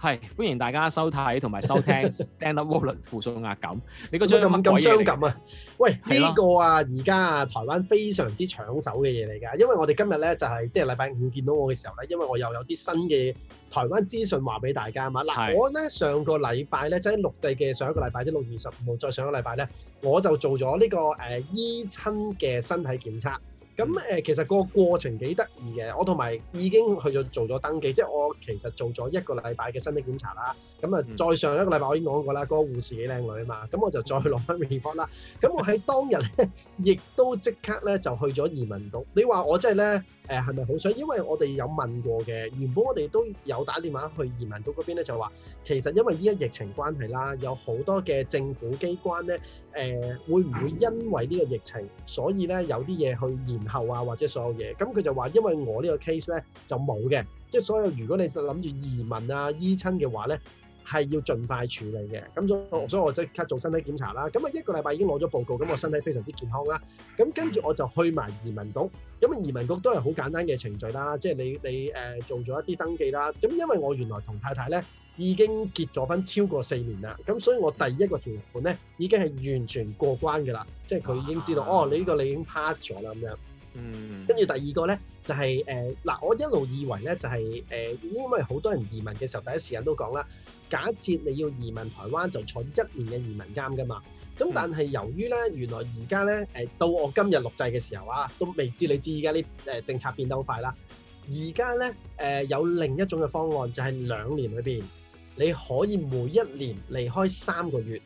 係，歡迎大家收睇同埋收聽 Stand Up Volun 扶素亞感。啊、 你嗰張咁咁傷感啊？喂，呢 個啊，而家啊，台灣非常之搶手嘅嘢嚟㗎。因為我哋今日咧就係、是、即係禮拜五見到我嘅時候咧，因為我又有啲新嘅台灣資訊話俾大家 啊嘛。嗱，我咧上個禮拜咧即係錄製嘅上一個禮拜即六月十五號，再上一個禮拜咧我就做咗呢個誒醫生嘅身體檢測。咁誒，其實個過程幾得意嘅，我同埋已經去咗做咗登記，即係我其實做咗一個禮拜嘅身體檢查啦。咁啊，再上一個禮拜我已經講過啦，那個護士幾靚女啊嘛，咁我就再落翻 r e p 啦。咁我喺當日咧，亦都即刻咧就去咗移民局。你話我真係咧？誒係咪好想？因為我哋有問過嘅，原本我哋都有打電話去移民局嗰邊咧，就話其實因為依家疫情關係啦，有好多嘅政府機關咧，誒、呃、會唔會因為呢個疫情，所以咧有啲嘢去延後啊，或者所有嘢？咁佢就話，因為我呢個 case 咧就冇嘅，即係所有如果你諗住移民啊、醫親嘅話咧。係要盡快處理嘅，咁所以所以我即刻做身體檢查啦。咁啊一個禮拜已經攞咗報告，咁我身體非常之健康啦。咁跟住我就去埋移民局，咁啊移民局都係好簡單嘅程序啦，即係你你誒、呃、做咗一啲登記啦。咁因為我原來同太太咧已經結咗婚超過四年啦，咁所以我第一個條款咧已經係完全過關㗎啦，即係佢已經知道、啊、哦，你呢個你已經 pass 咗啦咁樣。嗯，跟住第二個咧，就係誒嗱，我一路以為咧，就係誒，因為好多人移民嘅時候，第一時間都講啦，假設你要移民台灣，就坐一年嘅移民監噶嘛。咁但係由於咧，原來而家咧誒，到我今日錄製嘅時候啊，都未知你知，而家呢誒政策變得好快啦。而家咧誒有另一種嘅方案，就係兩年裏邊，你可以每一年離開三個月。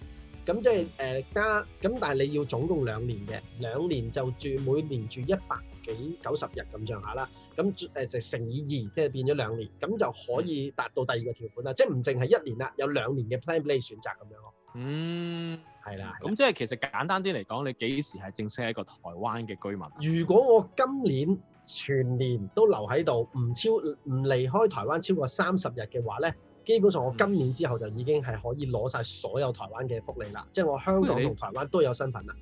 咁即係誒、呃、加，咁但係你要總共兩年嘅，兩年就住每年住一百幾九十日咁上下啦。咁誒就、呃、就乘以二，即係變咗兩年，咁就可以達到第二個條款啦。即係唔淨係一年啦，有兩年嘅 plan 俾你選擇咁樣咯。嗯，係啦、啊。咁、啊、即係其實簡單啲嚟講，你幾時係正式係一個台灣嘅居民？如果我今年全年都留喺度，唔超唔離開台灣超過三十日嘅話咧，基本上我今年之後就已經係可以攞晒所有台灣嘅福利啦，即係我香港同台灣都有身份啦。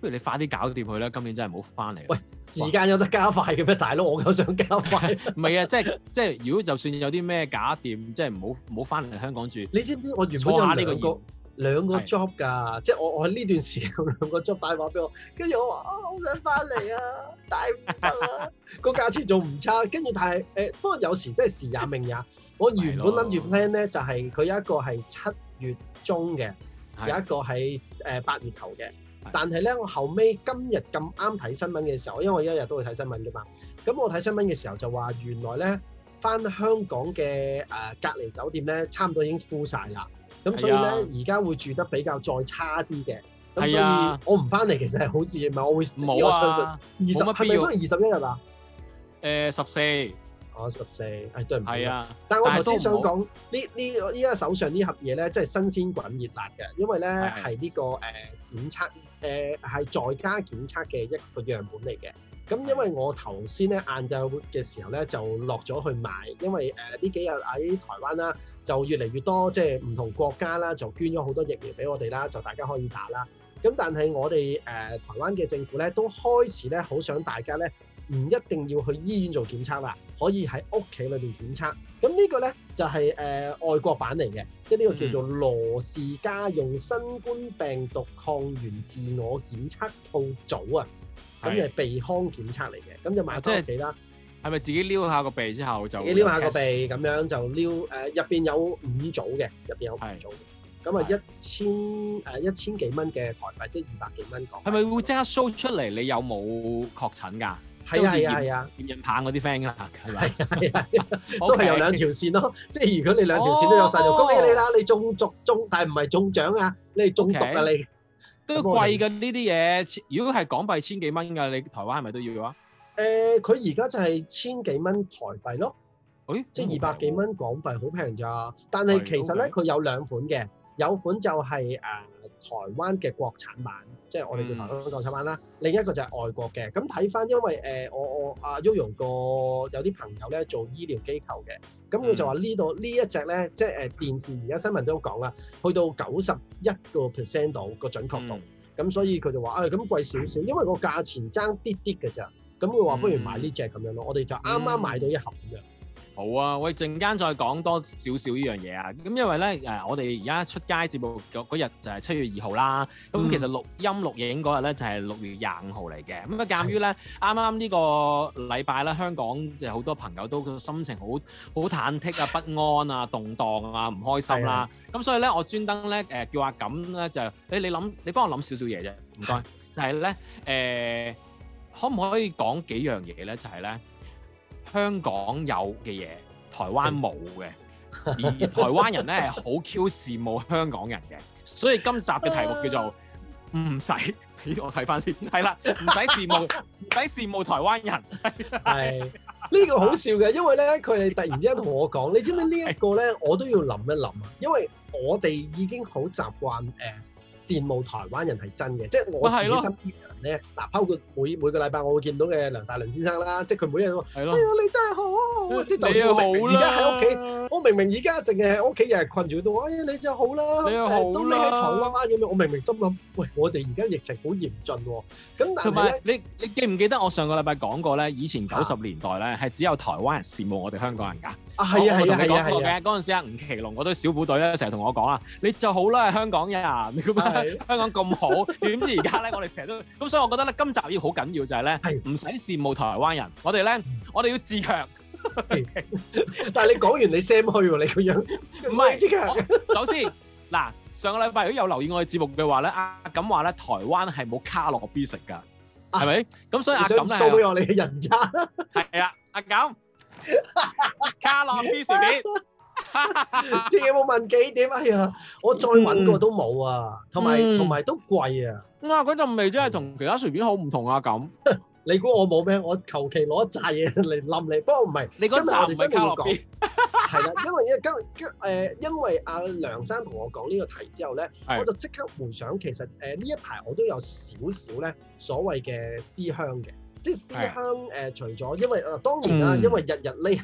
不如你快啲搞掂佢啦，今年真係冇翻嚟。喂，時間有得加快嘅咩？大佬，我夠想加快。唔係 啊，即係即係，如果就算有啲咩假掂，即係唔好唔好翻嚟香港住。你知唔知我原本有呢個，下個兩個 job 噶？是即係我我喺呢段時間有兩個 job 帶話俾我，跟住我話啊好想翻嚟啊，帶唔得啊。個 價錢仲唔差，跟住但係誒，不、欸、過、欸、有時即係時也命也。 我原本諗住 plan 咧，就係、是、佢有一個係七月中嘅，是的 有一個係誒八月頭嘅。是的 但係咧，我後尾今日咁啱睇新聞嘅時候，因為我一日都會睇新聞嘅嘛。咁我睇新聞嘅時候就話，原來咧翻香港嘅誒、呃、隔離酒店咧，差唔多已經 full 晒啦。咁所以咧，而家是的 會住得比較再差啲嘅。咁所以是的 我，我唔翻嚟其實係好似，唔係，我會二十係咪都係二十一日啊？誒，十四、呃。十四，係對唔對？啊，但係我頭先但也 想講呢呢依家手上呢盒嘢咧，即係新鮮滾熱辣嘅，因為咧係呢的、呢個誒檢測，誒、呃、係、呃、在家檢測嘅一個樣本嚟嘅。咁因為我頭先咧晏晝嘅時候咧就落咗去買，因為誒呢、呃、幾日喺台灣啦就越嚟越多，即係唔同國家啦就捐咗好多疫苗俾我哋啦，就大家可以打啦。咁但係我哋誒、呃、台灣嘅政府咧都開始咧好想大家咧唔一定要去醫院做檢測啦。可以喺屋企裏邊檢測，咁呢個咧就係、是、誒、呃、外國版嚟嘅，即係呢個叫做羅氏家用新冠病毒抗原自我檢測套組、嗯、測啊，咁係鼻腔檢測嚟嘅，咁就買個套嚟啦。係咪、啊、他自己撩下個鼻之後就？你撩下個鼻，咁樣就撩誒入邊有五組嘅，入邊有五組，咁啊是一千誒的、uh, 一千幾蚊嘅台幣，即係二百幾蚊港幣。係咪會即刻 show 出嚟你有冇確診㗎？係啊係啊，電影棒嗰啲 friend 啦，係咪、啊？係啊係啊，都係有兩條線咯、喔。 Okay. 即係如果你兩條線都有晒，就恭喜你啦！你中中但係唔係中獎啊？你中毒啊 Okay. 你？都貴㗎呢啲嘢，如果係港幣千幾蚊㗎，你台灣係咪都要啊？誒、呃，佢而家就係千幾蚊台幣咯，誒、欸，即係二百幾蚊港幣，好平咋。但係其實咧，佢有兩款嘅，有款就係、是、誒、呃、台灣嘅國產版。即係我哋叫港產版啦，嗯、另一個就係外國嘅。咁睇翻，因為誒、呃、我我阿 Yoyo 個有啲朋友咧做醫療機構嘅，咁佢就話呢度呢一隻咧，即係誒電視而家新聞都講啦，去到九十一個 percent 度個準確度，咁、嗯、所以佢就話啊咁貴少少，因為個價錢爭啲啲㗎咋。咁佢話不如買呢隻咁樣咯，我哋就啱啱買到一盒咁樣。嗯嗯。好啊，我哋陣間再講多少少呢樣嘢啊。咁因為咧誒，我哋而家出街節目嗰嗰日就係七月二號啦。咁其實錄音錄影嗰日咧就係六月廿五號嚟嘅。咁啊，鑑於咧啱啱呢個禮拜咧，香港就好多朋友都心情好好忐忑啊、不安啊、動盪啊、唔開心啦。咁所以咧，我專登咧誒叫阿錦咧就誒，你諗你幫我諗少少嘢啫，唔該。就係咧誒，可唔可以講幾樣嘢咧？就係咧。香港有嘅嘢，台灣冇嘅，而台灣人咧係好 Q 羨慕香港人嘅，所以今集嘅題目叫做唔使，俾我睇翻先，係啦，唔使羨慕，唔使羨慕台灣人，係呢個好笑嘅，因為咧佢哋突然之間同我講，你知唔知呢一個咧，我都要諗一諗啊，因為我哋已經好習慣誒羨慕台灣人係真嘅，即係我自己心。咧嗱，包括每每個禮拜我會見到嘅梁大倫先生啦，即係佢每一日都係咯，你真係好，即係就算而家喺屋企，我明明而家淨係喺屋企，日日困住都話，哎呀你就好啦，你又好啦，都匿喺台灣咁樣，我明明心諗，喂，我哋而家疫情好嚴峻喎，咁但係咧，你你記唔記得我上個禮拜講過咧？以前九十年代咧係只有台灣人羨慕我哋香港人㗎，啊係啊係啊係啊，嗰陣時阿吳奇隆嗰隊小虎隊咧成日同我講啊，你就好啦香港人，香港咁好，點知而家咧我哋成日都咁。所以我覺得咧，今集要好緊要就係咧，唔使的羨慕台灣人，我哋咧，嗯、我哋要自強。但係你講完你聲虛喎，你個樣唔係。我強。首先嗱，上個禮拜如果有留意我嘅節目嘅話咧，阿阿錦話咧，台灣係冇卡樂 B 食㗎，係咪、啊？咁所以想阿錦掃俾、啊、我你嘅人渣。係啊，阿錦卡樂 B 薯片。 即係 有冇問幾點啊？嗯、我再搵過都冇啊，同埋同埋都貴啊。啊，嗰、那、陣、個、味真係同其他薯片好唔同啊！咁， 你估我冇咩？我求其攞一紮嘢嚟冧你。不過唔係，你嗰扎我唔係交落邊。係啦路， 因為因為誒，因為阿、呃、梁生同我講呢個題之後咧，的我就即刻回想，其實誒呢、呃、一排我都有少少咧所謂嘅思鄉嘅。即係思鄉誒，除咗因為誒當然啦、啊，嗯、因為日日匿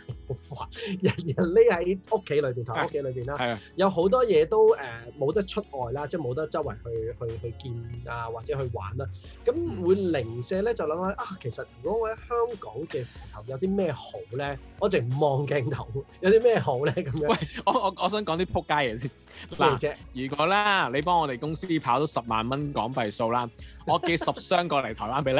日日匿喺屋企裏邊，喺屋企裏邊啦，的有好多嘢都誒冇得出外啦，即係冇得周圍去去去見啊，或者去玩啦、啊。咁會零舍咧，就諗下啊，啊，其實如果我喺香港嘅時候有啲咩好咧，我淨望鏡頭有啲咩好咧咁樣。喂，我我我，我想講啲仆街嘢先嗱，如果啦你幫我哋公司跑到十萬蚊港幣數啦，我寄十箱過嚟台灣俾你。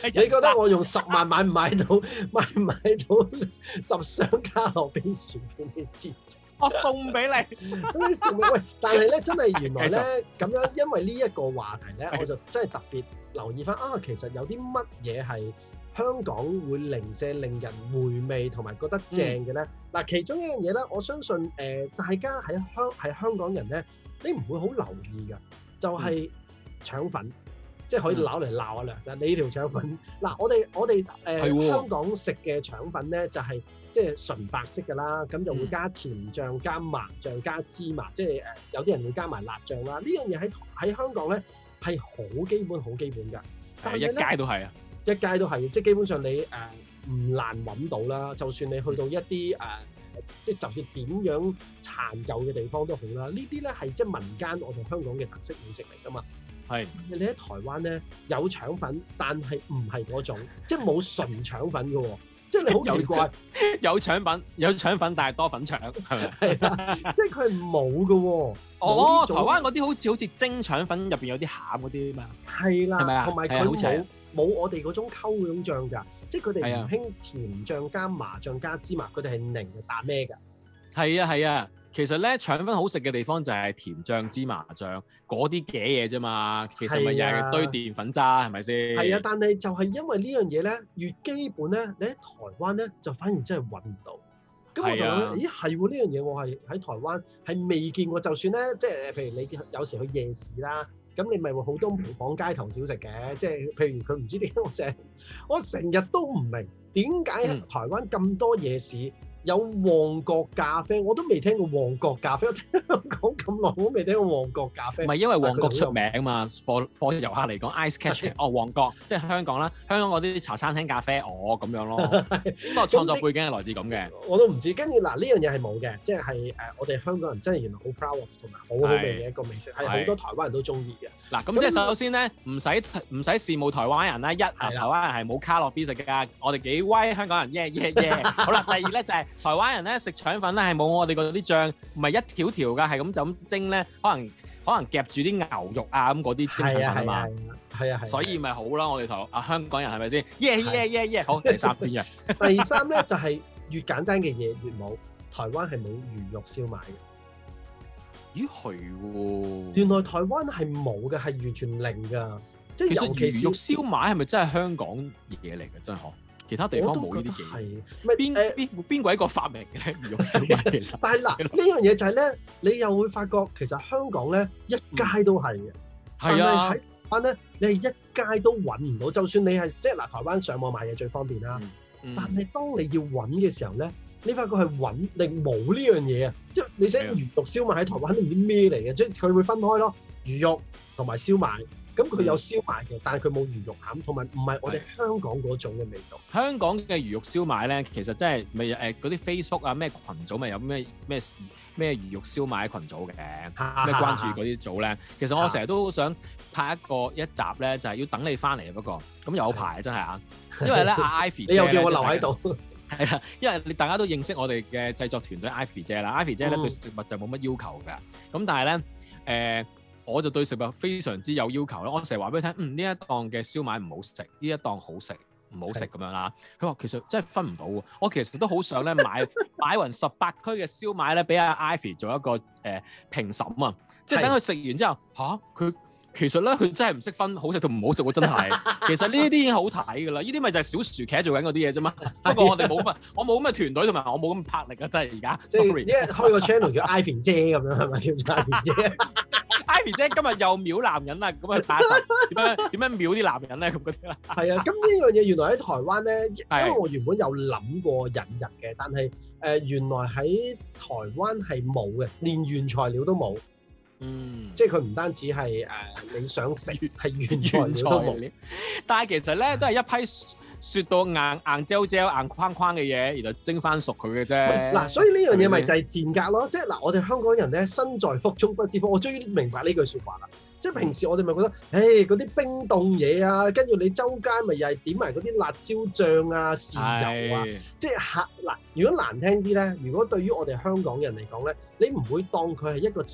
覺得我用十萬買唔買到買唔買到十箱加勒比船嘅節奏？我送俾你，送喂！但係咧，真係原來咧咁樣，因為呢一個話題咧，我就真係特別留意返啊。其實有啲乜嘢係香港會零舍令人回味同埋覺得正嘅咧？嗱，其中一樣嘢咧，我相信誒大家喺香喺香港人咧，你唔會好留意㗎，就係腸粉。即係可以攪嚟鬧啊！嗯、你條腸粉嗱、嗯，我哋我哋誒、呃哦、香港食嘅腸粉咧，就係即係純白色嘅啦，咁、嗯、就會加甜醬、加麻醬、加芝麻，即係誒有啲人會加埋辣醬啦。呢樣嘢喺喺香港咧係好基本、好基本㗎。但係一街都係啊！一街都係，即係基本上你誒唔、呃、難揾到啦。就算你去到一啲誒即係，就係、就算點樣殘舊嘅地方都好啦。呢啲咧係即係民間我同香港嘅特色美食嚟㗎嘛。係是你喺台灣咧有腸粉，但係唔係嗰種，即係冇純腸粉嘅喎、哦， 即係你好奇怪 有腸粉有腸粉，但係多粉腸係咪、啊？即係佢冇嘅喎。哦，哦台灣嗰啲好似好似蒸腸粉入邊有啲餡嗰啲啊？係啦吧，同埋佢冇冇我哋嗰種溝嗰種醬㗎，即係佢哋唔興甜醬加麻醬加芝麻，佢哋係寧係打咩㗎？係啊係啊。其實咧，腸粉好食嘅地方就係甜醬、芝麻醬嗰啲嘅嘢啫嘛。其實咪又係堆澱粉渣，係咪先？係啊，但係就係因為呢樣嘢咧，越基本咧，你喺台灣咧就反而真係搵唔到。咁我同你講，啊、咦係喎呢樣嘢，啊這個、我係喺台灣係未見過。就算咧，即係譬如你有時去夜市啦，咁你咪會好多模仿街頭小食嘅。即係譬如佢唔知點解我成，我成日都唔明點解台灣咁多夜市。嗯有旺角咖啡，我都未聽過旺角咖啡。我聽香港咁耐，我都未聽過旺角咖啡。唔係因為旺角出名嘛，for for 遊客嚟講，ice cream 哦，旺角即係香港啦，香港嗰啲茶餐廳咖啡，哦咁樣咯。咁我創作背景係來自咁嘅。我都唔知，跟住嗱呢樣嘢係冇嘅，即係誒我哋香港人真係原來好 proud of 同埋好好味嘅一個美食，係好多台灣人都中意嘅。嗱咁即係首先咧，唔使唔使羨慕台灣人啦，一係台灣人係冇卡樂 B 食嘅，我哋幾威香港人耶耶耶！好啦，第二咧就係。台灣人咧食腸粉咧係冇我哋嗰啲醬，唔係一條條㗎，係咁就咁蒸咧，可能可能夾住啲牛肉啊咁嗰啲蒸腸粉係嘛？係啊係。所以咪好咯，我哋台啊香港人係咪先？Yeah yeah yeah yeah。好，第三個 yeah。第三咧就係越簡單嘅嘢越冇。台灣係冇魚肉燒賣嘅。咦係喎？原來台灣係冇嘅，係完全零㗎。即係其實魚肉燒賣係咪真係香港嘢嚟嘅？真係呵？其他地方冇呢啲嘢，係咪邊誒邊邊鬼個發明嘅魚肉燒賣其實？但係嗱，呢樣嘢就係咧，你又會發覺其實香港咧一街都係嘅，係啊，喺，但係你係一街都揾唔到，就算你係即係嗱，台灣上網買嘢最方便啦，但係當你要揾嘅時候咧，你發覺係揾你冇呢樣嘢啊，即係你寫魚肉燒賣喺台灣都唔知咩嚟嘅，即係佢會分開咯，魚肉同埋燒賣。咁佢、嗯、有燒賣嘅，但係佢冇魚肉餡，同埋唔係我哋香港嗰種嘅味道。香港嘅魚肉燒賣咧，其實真、就、係、是、咪誒嗰啲 Facebook 啊咩群組咪有咩咩咩魚肉燒賣群組嘅？咩、啊、關注嗰啲組咧？啊、其實我成日都想拍一個一集咧，就係、是、要等你翻嚟啊！嗰個咁有排啊，真係啊！因為咧阿 Ivy，你又叫我留喺度，係啊！因為你大家都認識我哋嘅製作團隊 Ivy 姐啦，Ivy 姐咧、嗯、對食物就冇乜要求㗎。咁但係咧誒。呃我就對食物非常之有要求咯，我成日話俾你聽，嗯，呢一檔嘅燒賣唔好食，呢一檔好食，唔好食咁是的 樣啦。佢話其實真係分唔到喎，我其實都好想咧買 買勻十八區嘅燒賣咧，俾阿 Ivy 做一個誒、呃、評審啊，即係等佢食完之後，吓、啊？佢其實咧佢真係唔識分好食同唔好食喎，真係。其實呢啲 已經好睇噶啦，呢啲咪就係小薯茄做緊嗰啲嘢啫嘛。不過 我哋冇乜，我冇咁嘅團隊同埋我冇咁魄力啊，真係而家。sorry，依家開個 channel 叫 Ivy 姐咁樣係咪叫 Ivy 姐？ Ivy 姐今日又秒男人,秒男人 啊！咁啊打一陣點樣點樣秒啲男人咧咁嗰啲啦。係啊，咁呢樣嘢原來喺台灣咧，是因為我原本有諗過引入嘅，但係誒、呃、原來喺台灣係冇嘅，連原材料都冇。嗯。即係佢唔單止係誒、呃、你想食，係原,原材料都冇。但係其實咧、嗯、都係一批。説到硬硬焦焦、硬框框嘅嘢，然後蒸翻熟佢嘅啫。嗱、嗯，所以呢樣嘢咪就係賤格咯。即係嗱，我哋香港人咧，身在福中不知福。我終於明白呢句説話啦。即係平時我哋咪覺得，誒嗰啲冰凍嘢啊，跟住你周街咪又係點埋嗰啲辣椒醬啊、豉油啊。即係吓嗱，如果難聽啲咧，如果對於我哋香港人嚟講咧，你唔會當佢係一個超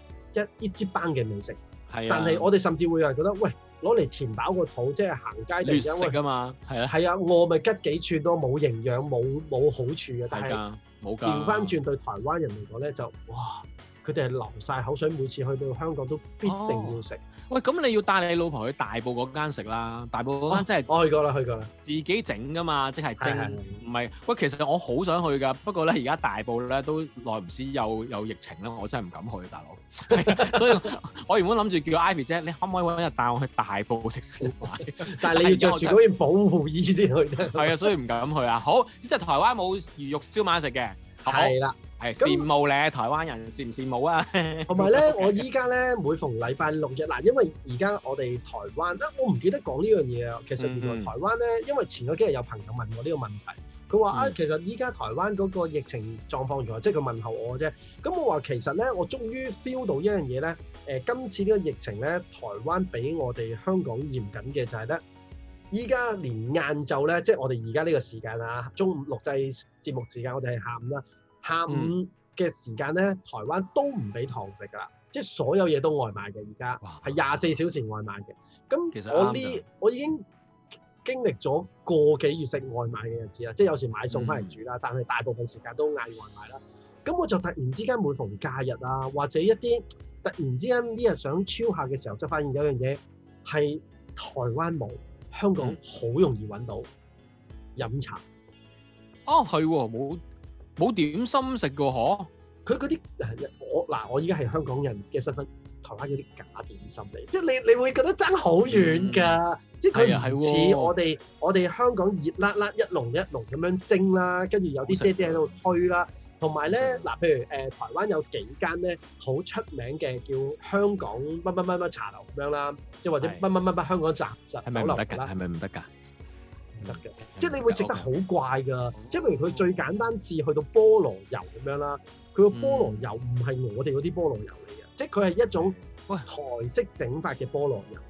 級一一支班嘅美食。係。但係我哋甚至會係覺得，喂。攞嚟填飽個肚，即係行街嚟食啊嘛，係啊為，係啊的，餓咪拮幾串都冇營養，冇冇好處嘅，大家冇噶。調翻轉對台灣人嚟講咧，就哇，佢哋係流晒口水，每次去到香港都必定要食。哦。喂，咁你要帶你老婆去大埔嗰間食啦，大埔嗰間真係我去過啦，去過啦，自己整噶嘛，即、就、係、是、蒸，唔係的。喂，其實我好想去噶，不過咧而家大埔咧都耐唔少有有疫情啦，我真係唔敢去，大佬。所以我原本諗住叫 Ivy 姐，你可唔可以揾日帶我去大埔食燒賣？ 但係你要著住嗰件保護衣先去得。係啊， 所以唔敢去啊。好，即係台灣冇魚肉燒賣食嘅，係啦。係、哎、羨慕你，台灣人羨唔羨慕啊？同埋咧，我依家咧每逢禮拜六日嗱，因為而家我哋台灣，啊、我唔記得講呢樣嘢啊。其實原來台灣咧，因為前嗰幾日有朋友問我呢個問題，佢話啊，其實依家台灣嗰個疫情狀況如何？即係佢問候我啫。咁我話其實咧，我終於 feel 到一樣嘢咧。誒、呃，今次呢個疫情咧，台灣比我哋香港嚴謹嘅就係咧，依家連晏晝咧，即係我哋而家呢個時間啊，中午錄製節目時間，我哋係下午啦。下午嘅時間咧，台灣都唔俾堂食噶啦，即係所有嘢都外賣嘅而家，係廿四小時外賣嘅。咁哇其實我呢，我已經經歷咗個幾月食外賣嘅日子啦。即係有時買餸翻嚟煮啦，嗯、但係大部分時間都嗌外賣啦。咁我就突然之間每逢假日啊，或者一啲突然之間呢日想超下嘅時候，就發現有樣嘢係台灣冇，香港好容易揾到飲、嗯、茶。哦、啊，係冇。冇點心食噶嗬，佢嗰啲我，嗱，我依家係香港人嘅身份，台灣有啲假點心嚟，即係你你會覺得爭好遠㗎，嗯、即係佢唔似我哋、嗯、我哋香港熱辣辣一籠一籠咁樣蒸啦，跟住有啲姐姐喺度推啦，同埋咧嗱，譬如誒、呃、台灣有幾間咧好出名嘅叫香港乜乜乜乜茶樓咁樣啦，即係或者乜乜乜乜香港雜雜酒樓啦，係咪唔得㗎？係咪唔得嘅，即係你會食得好怪㗎，即係譬如佢最簡單至去到菠蘿油咁樣啦，佢個菠蘿油唔係我哋嗰啲菠蘿油嚟嘅，即係佢係一種喂台式整法嘅菠蘿油，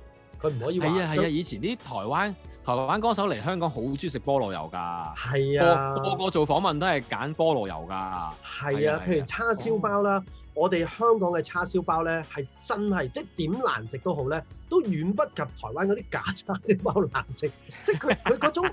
佢唔可以話係啊係啊！以前啲台灣台灣歌手嚟香港好中意食菠蘿油㗎，係啊，個個做訪問都係揀菠蘿油㗎，係啊，譬如叉燒包啦。嗯我哋香港嘅叉燒包咧，係真係即係點難食都好咧，都遠不及台灣嗰啲假叉燒包難食。即係佢佢嗰種，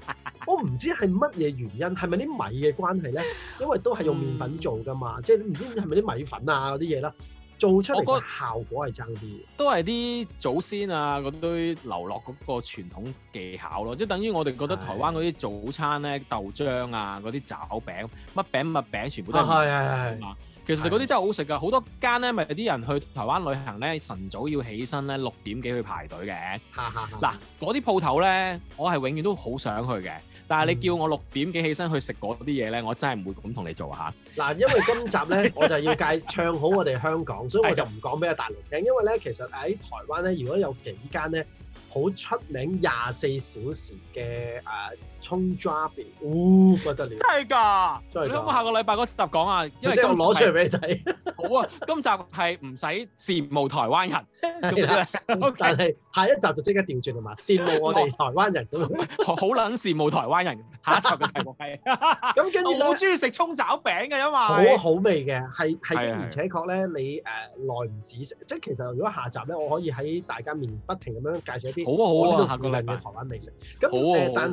我唔知係乜嘢原因，係咪啲米嘅關係咧？因為都係用麵粉做㗎嘛，即係唔知係咪啲米粉啊嗰啲嘢啦，做出嚟嘅效果係爭啲。都係啲祖先啊嗰堆留落嗰個傳統技巧咯，即係等於我哋覺得台灣嗰啲早餐咧，豆漿啊嗰啲餃餅，乜餅乜餅全部都係。係係係。其實嗰啲真係好食噶，好的多間咧咪有啲人去台灣旅行咧，晨早要起身咧，六點幾去排隊嘅。嗱的，嗰啲鋪頭咧，我係永遠都好想去嘅。但係你叫我六點幾起身去食嗰啲嘢咧，我真係唔會咁同你做嚇、啊。嗱，因為今集咧我就要介紹好我哋香港， 所以我就唔講俾阿大陸聽，因為咧其實喺台灣咧，如果有幾間咧。好出名廿四小時嘅誒葱抓餅，哇、啊哦，不得了！真係㗎，真係說。下個禮拜嗰集講啊？因為今即係我攞出嚟俾你睇。 好啊，今集係唔使羨慕台灣人，但係下一集就即刻調轉係嘛？羨慕我哋台灣人，好撚羨慕台灣人。下一集嘅題目係咁，跟 住 我好中意食葱抓餅嘅，因為好、啊好，啊、好味嘅，係係。而且確咧，你誒耐唔止食，即係是是其實如果下集咧，我可以喺大家面不停咁樣介紹一啲。好啊，好啊！下個禮拜台灣美食。咁誒那，啊啊、但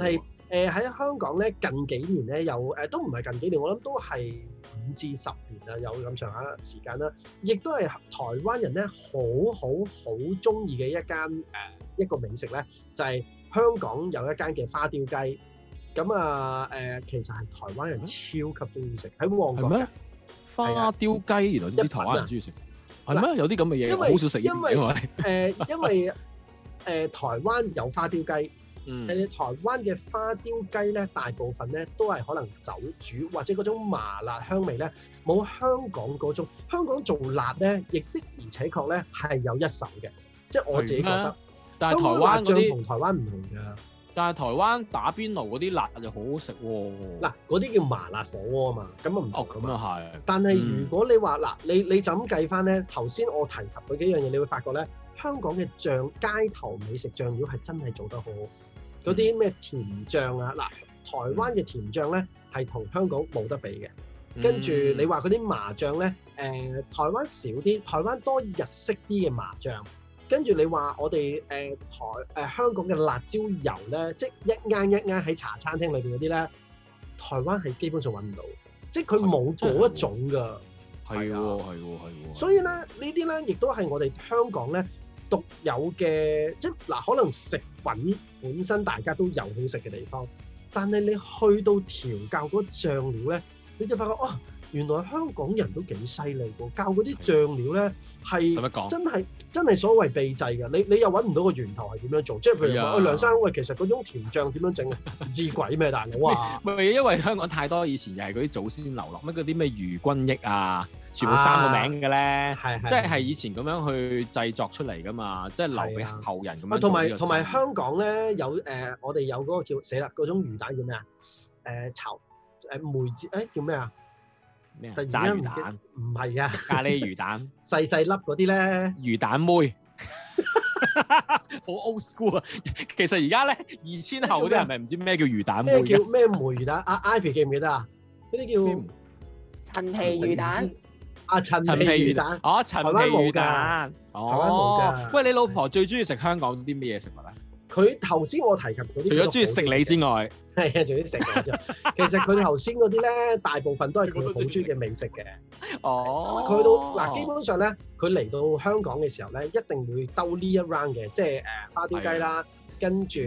係誒喺香港咧，近幾年咧有誒，都唔係近幾年，我諗都係五至十年啊，有咁長下時間啦。亦都係台灣人咧，好好好中意嘅一間誒一個美食咧，就係、是、香港有一間嘅花雕雞。咁啊誒、呃，其實係台灣人超級中意食喺旺角啊！花雕雞原來啲台灣人中意食，係咩、啊？有啲咁嘅嘢好少食因為誒，因為。誒台灣有花雕雞，誒、嗯、台灣嘅花雕雞咧，大部分咧都係可能酒煮或者嗰種麻辣香味咧，冇香港嗰種。香港做辣咧，亦的而且確咧係有一手嘅，即係我自己覺得。但係台灣嗰啲台灣唔同㗎。但係台灣打邊爐嗰啲辣就好好食喎。嗱，嗰啲叫麻辣火鍋啊嘛，咁啊唔同。咁啊係。但係如果你話嗱、嗯，你你就咁計翻咧，頭先我提及嗰幾樣嘢，你會發覺咧。香港嘅醬，街頭美食醬料係真係做得好，嗰啲咩甜醬啊，嗱，台灣嘅甜醬咧係同香港冇得比嘅。跟住你話嗰啲麻醬咧，誒、呃，台灣少啲，台灣多日式啲嘅麻醬。跟住你話我哋誒、呃、台誒、呃、香港嘅辣椒油咧，即一啱一啱喺茶餐廳裏邊嗰啲咧，台灣係基本上搵唔到，即係佢冇嗰一種㗎。係喎，係喎、哦，係喎、啊。所以咧，呢啲咧亦都係我哋香港咧。獨有嘅即係嗱，可能食品本身大家都有好食嘅地方，但係你去到調教嗰醬料咧，你就發覺哦。原來香港人都幾犀利喎，教嗰啲醬料咧係真係真係所謂秘製嘅。你你又揾唔到個源頭係點樣做，即係譬如話，啊是的 梁生，喂，其實嗰種甜醬點樣整啊？唔知鬼咩，但係哇，咪因，因為香港太多以前又係嗰啲祖先流落乜嗰啲咩余均益啊，全部三個名嘅咧，即係係以前咁樣去製作出嚟噶嘛，即、就、係、是、留俾後人咁。啊，同埋同埋香港咧有誒、呃，我哋有嗰個叫死啦，嗰種魚蛋叫咩啊？誒炒誒梅子誒、欸、叫咩啊？炸魚蛋唔係啊，咖喱魚蛋，細細粒嗰啲咧，魚蛋妹，好 old school 啊！其實而家咧二千後嗰啲人，咪唔知咩叫魚蛋妹？咩叫咩梅魚蛋？阿 Ivy 記唔記得啊？嗰啲叫陳皮魚蛋。阿陳皮魚蛋，啊陳皮魚蛋，台灣冇噶。台灣冇噶。喂，你老婆最中意食香港啲咩嘢食物咧？佢頭先我提及嗰啲，除咗中意食你之外，係，除咗食我之外， 其實佢頭先嗰啲咧，大部分都係佢好中意嘅美食嘅。哦，佢到嗱，基本上咧，佢嚟到香港嘅時候咧，一定會兜呢一 round 嘅，即係誒花雕雞啦，跟住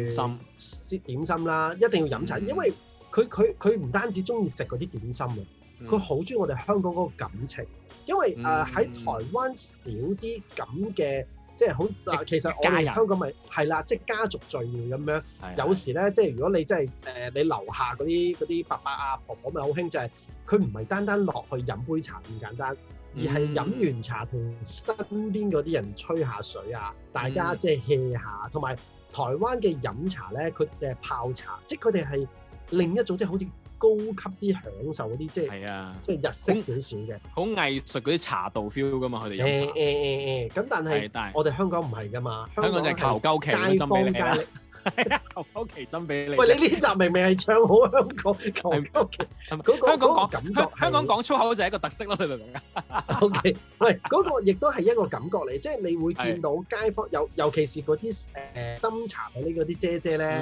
點心啦，一定要飲茶，嗯、因為佢佢佢唔單止中意食嗰啲點心啊，佢好中意我哋香港嗰個感情，因為誒喺、嗯呃、台灣少啲咁嘅。即係好啊！其實我香港咪係啦，即係家，人、就是、家族聚會咁樣。的有時咧，即、就、係、是、如果你真係誒，你樓下嗰啲啲伯伯啊、婆婆咪好興，就係佢唔係單單落去飲杯茶咁簡單，而係飲完茶同身邊嗰啲人吹下水啊，嗯、大家即係 hea 下。同埋台灣嘅飲茶咧，佢嘅泡茶，即係佢哋係另一種，即、就、係、是、好似。高級啲享受嗰啲，即係即係日式少少嘅，好藝術嗰啲茶道 feel 噶嘛，佢哋有茶。誒誒誒咁但係我哋香港唔係噶嘛，香港就求鳩其斟俾你啦，係啊，求鳩其斟俾你。喂，你呢集明明係唱好香港求鳩其，嗰個香港感覺，香港講粗口就係一個特色咯，你明唔明啊？OK，喂，嗰個亦都係一個感覺嚟，即係你會見到街坊，尤尤其是嗰啲誒斟茶嘅呢嗰啲姐姐咧，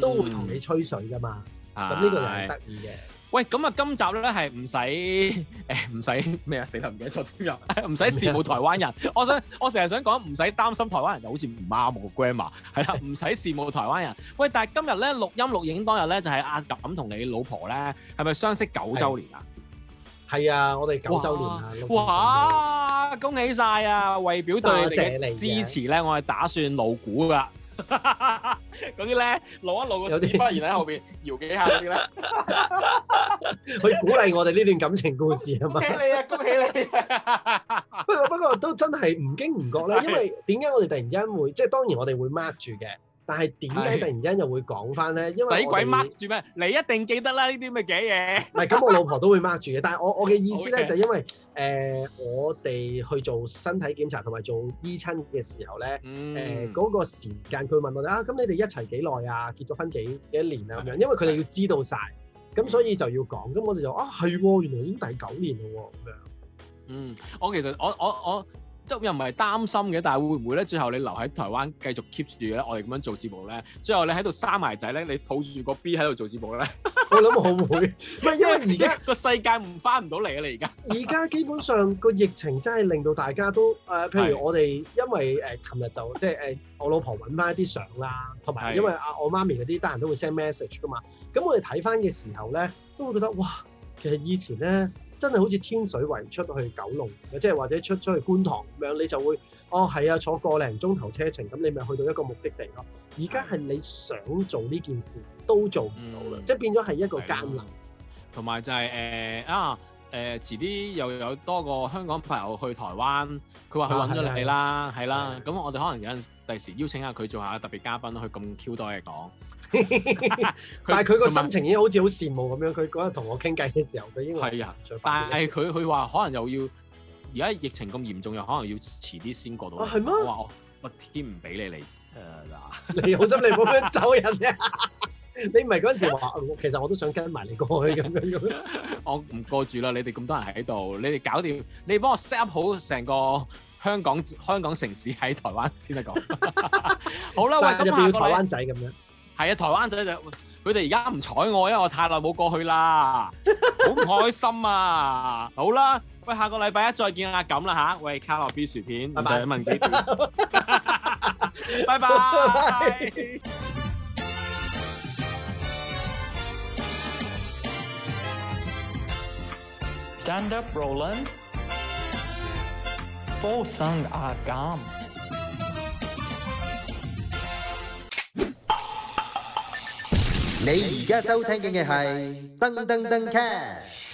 都會同你吹水噶嘛。咁呢、啊、個又得意嘅。喂，咁、欸、啊，今集咧係唔使誒，唔使咩啊？死啦，唔記得咗今日，唔使羨慕台灣人。我想，我成日想講，唔使擔心台灣人就好似唔啱我 grandma 係、啊、啦，唔使羨慕台灣人。喂，但係今日咧錄音錄影當日咧，就係、是、阿及咁同你老婆咧，係咪相識九周年啊？係啊，我哋九周年啊！哇，年哇，恭喜晒啊！為表對你嘅支持咧，啊、我係打算露股㗎。嗰啲咧，攞 一攞個屎忽，然後喺後邊搖幾下啲咧， 去鼓勵我哋呢段感情故事係嘛？恭喜你啊，恭喜你！ 不過不過都真係唔經唔覺咧，因為點解我哋突然之間會，即係當然我哋會 mark 住嘅。但係點解突然之間又會講翻咧？因為鬼 mark 住咩？你一定記得啦！ 呢啲咁嘅嘢。唔係咁，我老婆都會 mark 住嘅。但係我我嘅意思咧，的就因為誒、呃，我哋去做身體檢查同埋做醫親嘅時候咧，誒、呃、嗰、嗯呃嗰個時間佢問我哋啊，咁你哋一齊幾耐啊？結咗婚幾幾多年啦、啊？咁樣的，因為佢哋要知道晒。咁的所以就要講。咁我哋就啊，係喎，原來已經第九年啦喎，咁樣。嗯，我其實我我我。我我我又唔係擔心嘅，但係會唔會咧？最後你留喺台灣繼續 keep 住咧？我哋咁樣做節目咧，最後你喺度生埋仔咧，你抱住住個 B 喺度做節目咧？ 我諗我會，唔係因為而家個世界唔翻唔到嚟啊！你而家而家基本上個 疫情真係令到大家都誒、呃，譬如我哋因為誒琴、呃、日就即係誒我老婆揾翻一啲相啦，同埋因為阿、啊、 我媽咪嗰啲單人都會 send message 噶嘛，咁我哋睇翻嘅時候咧，都會覺得哇，其實以前咧。真係好似天水圍出到去九龍，又即係或者出出去觀塘咁樣，你就會哦係啊坐個零鐘頭車程，咁你咪去到一個目的地咯。而家係你想做呢件事都做唔到啦，嗯、即係變咗係一個艱難。同埋就係、是、誒啊誒、啊，遲啲又有多個香港朋友去台灣，佢話去揾咗你啦，係啦、啊。咁的我哋可能有陣第時邀請下佢做下特別嘉賓去咁 Q 多嘢講。 但係佢個心情已經好似好羨慕咁樣，佢嗰日同我傾偈嘅時候，佢應該係啊，上班。但係佢佢話可能又要而家疫情咁嚴重，又可能要遲啲先過到。啊係咩？哇，我天唔俾你嚟，誒嗱，呃、你好心你冇得走人啊！ 你唔係嗰陣時話，其實我都想跟埋你過去咁樣咁。 我唔過住啦，你哋咁多人喺度，你哋搞掂，你幫我 set 好成個香港香港城市喺台灣先得講。 好啦，喂 但是，咁就變台灣仔咁樣。 係啊，台灣仔就佢哋而家唔睬我，因為我太耐冇過去啦，好唔開心啊！好啦，喂，下個禮拜一再見啊，咁啦嚇，喂，卡樂 B 薯片，拜拜，問幾點？拜拜。Stand up, Roland。富生阿甘。你而家收聽嘅係噔噔噔 cat。